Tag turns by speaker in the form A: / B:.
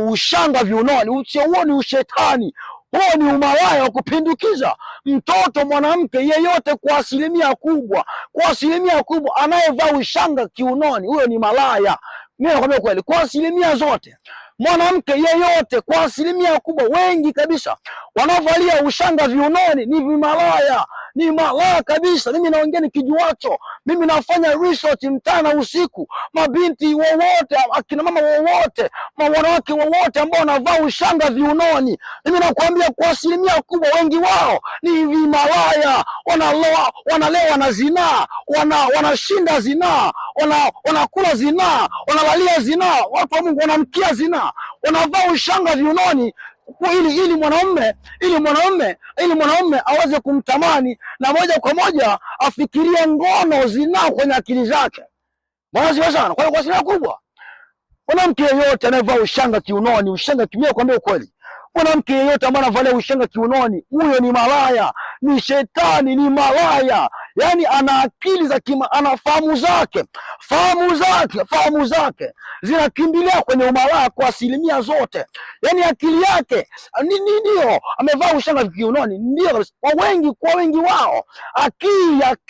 A: ushanga viunoni. Uche huo ni ushetani, huo ni umalaya wa kupindukiza. Mtoto mwanamke yeyote kwa asilimia kubwa, kwa asilimia kubwa anayevaa ushanga kiunoni, huyo ni malaya. Mimi nakwambia kweli, kwa asilimia zote mwanamke yeyote kwa asilimia kubwa, wengi kabisa wanaovalia ushanga viunoni ni vimalaya, ni malaya kabisa. Mimi naongea nikijuacho, mimi nafanya research mchana usiku. Mabinti wowote, akina mama wowote, wanawake wowote ambao wanavaa ushanga viunoni, mimi nakwambia kwa asilimia kubwa, wengi wao ni vimalaya, wanalewa, zinaa wanashinda zinaa, wana, zinaa wanakula wana zinaa, wanalalia zinaa, watu wa Mungu wanamkia zinaa, wanavaa ushanga viunoni ili ili mwanaume ili mwanaume ili mwanaume aweze kumtamani na moja kwa moja afikirie ngono, zinaa kwenye akili zake. Sana kwa hiyo kwa sina kubwa, mwanamke yeyote anayevaa ushanga kiunoni, ushanga kiunoni, kwambia ukweli, mwanamke yeyote ambaye anavalia ushanga kiunoni, huyo ni malaya, ni shetani, ni malaya yani ana akili za kima, ana fahamu zake, fahamu zake, fahamu zake zinakimbilia kwenye umalaya kwa asilimia zote, yani akili yake ni ndio. Amevaa ushanga kiunoni, ndio kwa wengi, kwa wengi wao akili, akili